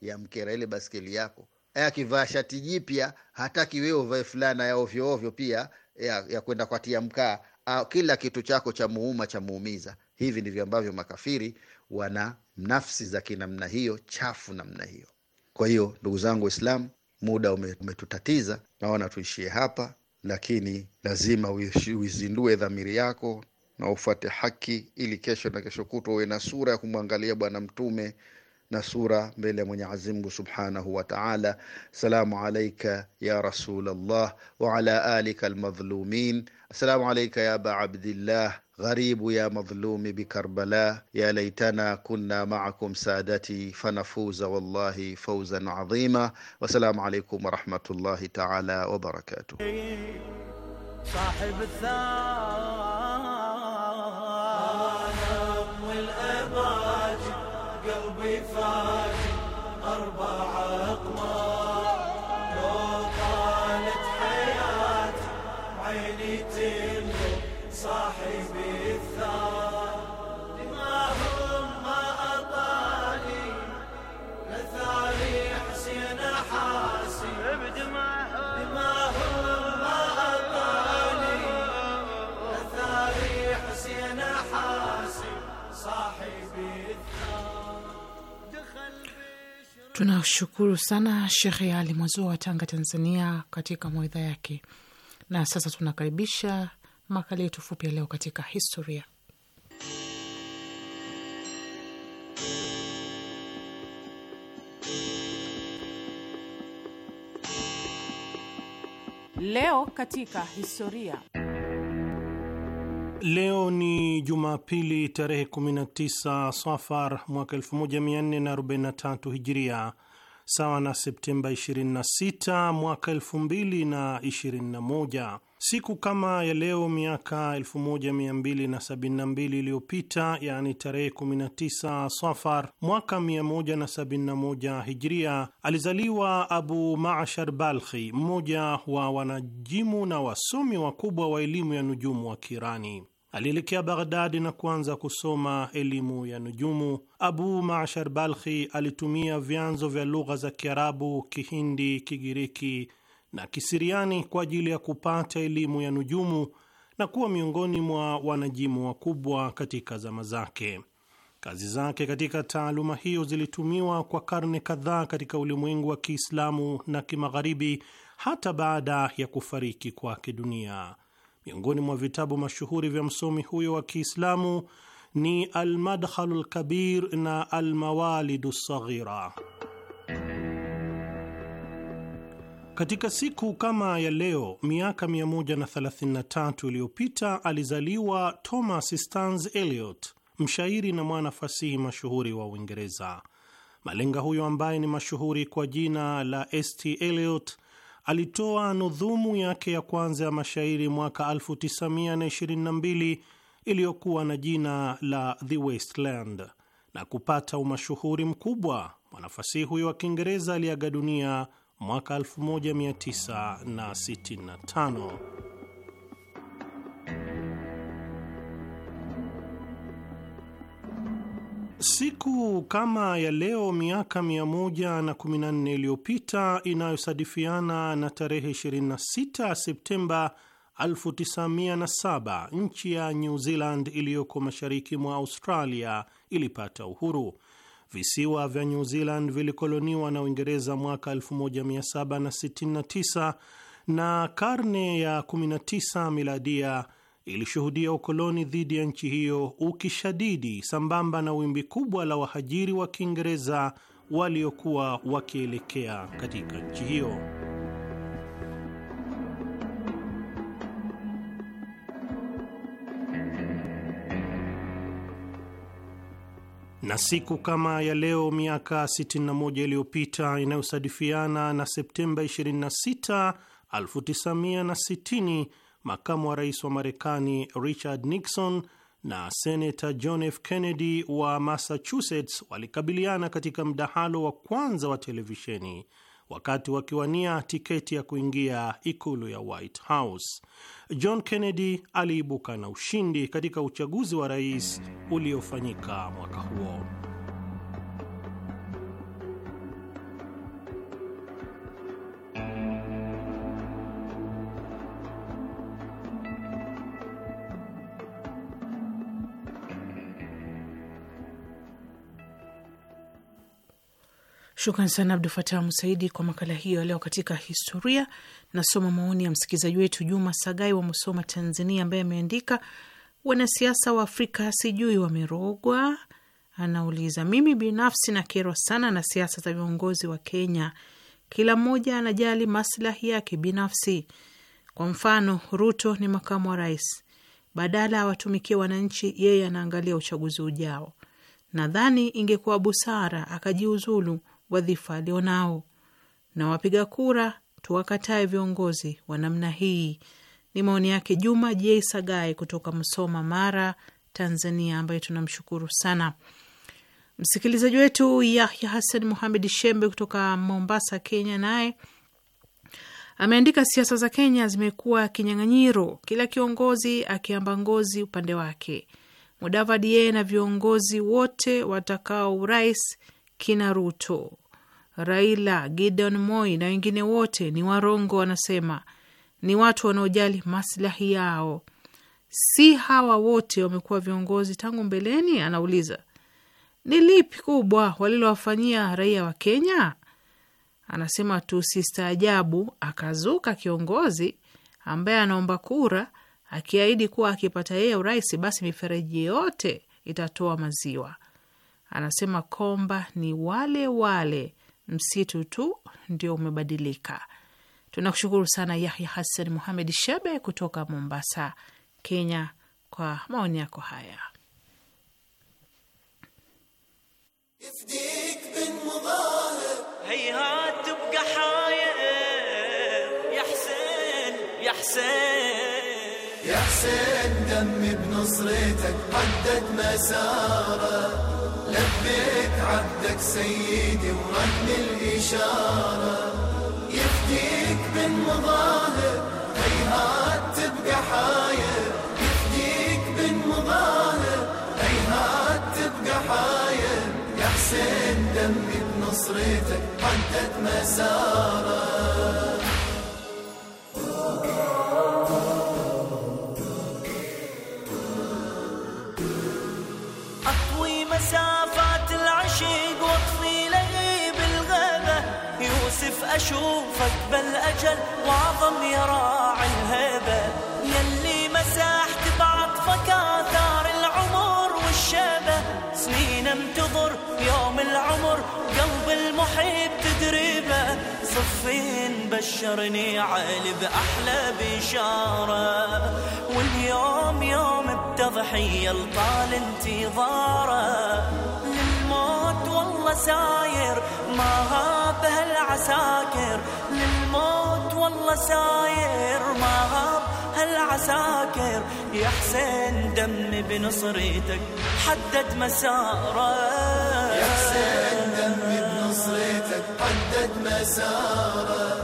[SPEAKER 3] ya mkera ile baskeli yako. E, akivaa shati jipya hataki wewe uvae fulana ya ovyo ovyo pia ya, ya kwenda kwatia mkaa Ah, kila kitu chako cha muuma cha muumiza. Hivi ndivyo ambavyo makafiri wana nafsi za kinamna hiyo chafu namna hiyo. Kwa hiyo ndugu zangu waislam muda umetutatiza, naona tuishie hapa, lakini lazima uizindue dhamiri yako na ufuate haki, ili kesho na kesho kutwa uwe na sura ya kumwangalia Bwana Mtume na sura mbele ya mwenye azimgu Subhanahu wa Ta'ala. Salamu alayka ya rasul Rasulullah wa ala alika almadhlumin. Assalamu alayka ya Aba Abdillah غريب يا مظلوم بكربلاء يا ليتنا كنا معكم سادتي فنفوز والله فوزا عظيما والسلام عليكم ورحمة الله تعالى وبركاته
[SPEAKER 4] صاحب الثار والأبرار كفاك أربع أقمار لو طالت حياتي عيني تلو صاحي
[SPEAKER 1] Tunashukuru sana Shekhe Ali Mwazua wa Tanga, Tanzania, katika mawaidha yake. Na sasa tunakaribisha makala yetu fupi ya leo katika historia. Leo katika historia
[SPEAKER 5] Leo ni Jumapili tarehe 19 Safar mwaka 1443 Hijiria, sawa na Septemba 26 mwaka 2021. Siku kama ya leo miaka 1272 iliyopita, yaani tarehe 19 Safar mwaka 171 Hijria, alizaliwa Abu Mashar Balkhi, mmoja wa wanajimu na wasomi wakubwa wa elimu ya nujumu wa Kirani alielekea Baghdadi na kuanza kusoma elimu ya nujumu. Abu Mashar Balkhi alitumia vyanzo vya lugha za Kiarabu, Kihindi, Kigiriki na Kisiriani kwa ajili ya kupata elimu ya nujumu na kuwa miongoni mwa wanajimu wakubwa katika zama zake. Kazi zake katika taaluma hiyo zilitumiwa kwa karne kadhaa katika ulimwengu wa Kiislamu na Kimagharibi hata baada ya kufariki kwake dunia. Miongoni mwa vitabu mashuhuri vya msomi huyo wa Kiislamu ni Almadkhalu lkabir na Almawalidu lsaghira. Katika siku kama ya leo miaka 133 iliyopita alizaliwa Thomas Stans Eliot, mshairi na mwana fasihi mashuhuri wa Uingereza. Malenga huyo ambaye ni mashuhuri kwa jina la St Eliot alitoa nudhumu yake ya kwanza ya mashairi mwaka 1922 iliyokuwa na jina la The Wasteland na kupata umashuhuri mkubwa. Mwanafasihi huyo wa Kiingereza aliaga dunia mwaka 1965. Siku kama ya leo miaka 114 iliyopita inayosadifiana na tarehe 26 Septemba 1907 nchi ya New Zealand iliyoko mashariki mwa Australia ilipata uhuru. Visiwa vya New Zealand vilikoloniwa na Uingereza mwaka 1769 na karne ya 19 miladia ilishuhudia ukoloni dhidi ya nchi hiyo ukishadidi sambamba na wimbi kubwa la wahajiri wa Kiingereza waliokuwa wakielekea katika nchi hiyo. Na siku kama ya leo miaka 61 iliyopita inayosadifiana na Septemba 26, 1960 makamu wa rais wa Marekani Richard Nixon na senata John F. Kennedy wa Massachusetts walikabiliana katika mdahalo wa kwanza wa televisheni wakati wakiwania tiketi ya kuingia ikulu ya White House. John Kennedy aliibuka na ushindi katika uchaguzi wa rais uliofanyika mwaka huo.
[SPEAKER 1] Shukran sana Abdu Fatah Musaidi kwa makala hiyo leo katika historia. Nasoma maoni ya msikilizaji wetu Juma Sagai wa Musoma, Tanzania, ambaye ameandika wanasiasa wa Afrika sijui wamerogwa. Anauliza, mimi binafsi nakerwa sana na siasa za viongozi wa Kenya. Kila mmoja anajali maslahi yake binafsi. Kwa mfano, Ruto ni makamu wa rais, badala awatumikie wananchi, yeye anaangalia uchaguzi ujao. Nadhani ingekuwa busara akajiuzulu wadhifa alio nao, na wapiga kura tuwakatae viongozi wa namna hii. Ni maoni yake Juma J Sagai kutoka Msoma, Mara, Tanzania, ambaye tunamshukuru sana. Msikilizaji wetu Yahya Hasan Muhamed Shembe kutoka Mombasa, Kenya, naye ameandika, siasa za Kenya zimekuwa kinyang'anyiro, kila kiongozi akiamba ngozi upande wake. Mudavadi yeye na viongozi wote watakao urais kina Ruto Raila, Gideon Moi na wengine wote ni warongo, wanasema ni watu wanaojali maslahi yao. Si hawa wote wamekuwa viongozi tangu mbeleni? Anauliza, ni lipi kubwa walilowafanyia raia wa Kenya? Anasema tusistaajabu akazuka kiongozi ambaye anaomba kura akiahidi kuwa akipata yeye urais basi mifereji yote itatoa maziwa. Anasema komba ni wale wale msitu tu ndio umebadilika. Tunakushukuru sana Yahya Hassan Muhamed Shebe kutoka Mombasa, Kenya, kwa maoni yako haya.
[SPEAKER 2] Ya Hussein, dami
[SPEAKER 4] masara لبيك عبدك سيدي ورد الإشارة يفديك بالمظاهر هيهات تبقى حاير يفديك بالمظاهر هيهات تبقى حاير يا حسين دمي بنصرتك حدد مسارك
[SPEAKER 2] أشوفك بل أجل وأعظم يراعي الهيبة يلي مساحت بعطفك آثار العمر والشيبة سنين انتظر يوم العمر قلب المحيط تدريبه صفين بشرني عالي بأحلى بشارة واليوم يوم التضحية لطال انتظاره للموت والله ساير ما هاي بهالعساكر للموت والله ساير ما غاب هالعساكر يا حسين دمي بنصريتك حدد مساره يا حسين دمي بنصريتك حدد
[SPEAKER 4] مساره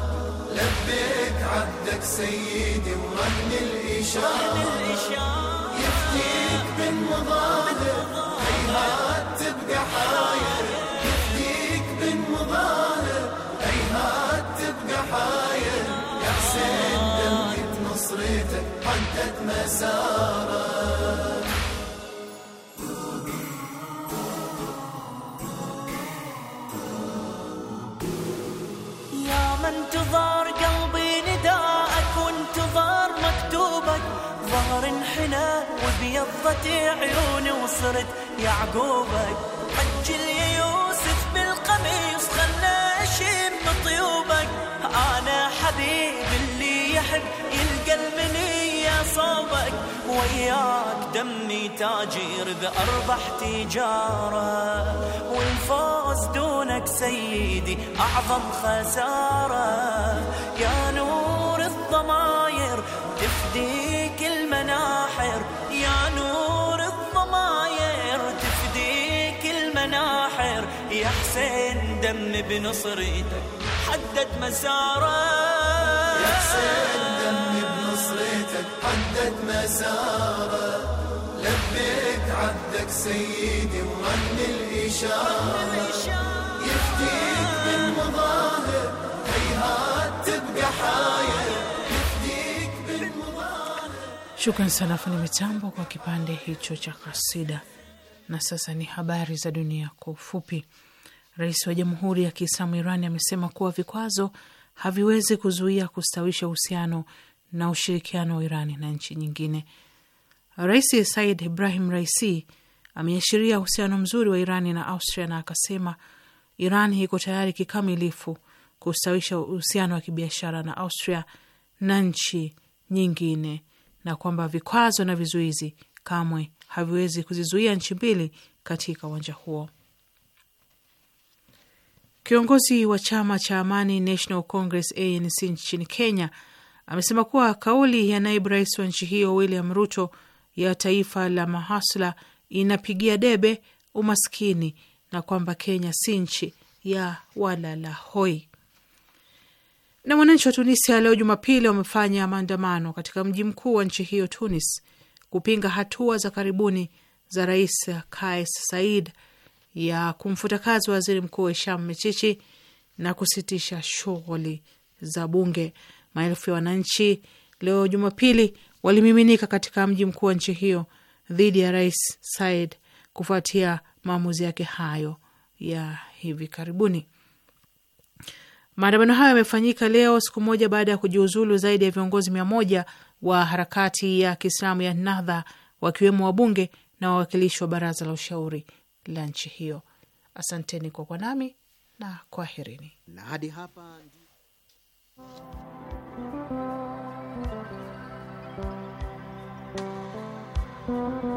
[SPEAKER 4] لبيك عبدك سيدي ورهن الإشارة يفتيك بالمظاهر هيهات حدد مسارك
[SPEAKER 2] يا من تظهر قلبي نداءك وانتظار مكتوبك ظهر انحنى وبيضت عيوني وصرت يعقوبك أجل قلب لي صوبك وياك دمي تاجير بأربح أربح تجارة والفوز دونك سيدي أعظم خسارة يا نور الضماير تفديك المناحر يا نور الضماير تفديك المناحر يا حسين دمي بنصريتك حدد مساره يا حسين
[SPEAKER 4] حدد مساره لبيك عبدك سيدي وغني الاشاره يفديك بالمظاهر هيهات تبقى حايل يفديك بالمظاهر
[SPEAKER 1] Shukran sana fundi mitambo kwa kipande hicho cha kasida. Na sasa ni habari za dunia kwa ufupi. Rais wa Jamhuri ya Kiislamu amesema kuwa vikwazo haviwezi kuzuia kustawisha uhusiano na ushirikiano wa Irani na nchi nyingine. Rais Said Ibrahim Raisi ameashiria uhusiano mzuri wa Irani na Austria na akasema Iran iko tayari kikamilifu kustawisha uhusiano wa kibiashara na Austria na nchi nyingine na kwamba vikwazo na vizuizi kamwe haviwezi kuzizuia nchi mbili katika uwanja huo. Kiongozi wa chama cha Amani National Congress ANC nchini Kenya amesema kuwa kauli ya naibu rais wa nchi hiyo William Ruto ya taifa la mahasla inapigia debe umaskini na kwamba Kenya si nchi ya walala hoi. Na wananchi wa Tunisia leo Jumapili wamefanya maandamano katika mji mkuu wa nchi hiyo Tunis kupinga hatua za karibuni za Rais Kais said ya kumfuta kazi waziri mkuu Hisham Mechichi na kusitisha shughuli za bunge. Maelfu ya wananchi leo Jumapili walimiminika katika mji mkuu wa nchi hiyo dhidi ya Rais Said kufuatia maamuzi yake hayo ya hivi karibuni. Maandamano hayo yamefanyika leo siku moja baada ya kujiuzulu zaidi ya viongozi mia moja wa harakati ya Kiislamu ya Nahdha, wakiwemo wabunge na wawakilishi wa baraza la ushauri la nchi hiyo. Asanteni kwa kwa nami na kwaherini
[SPEAKER 3] na hadi hapa.
[SPEAKER 6] thank you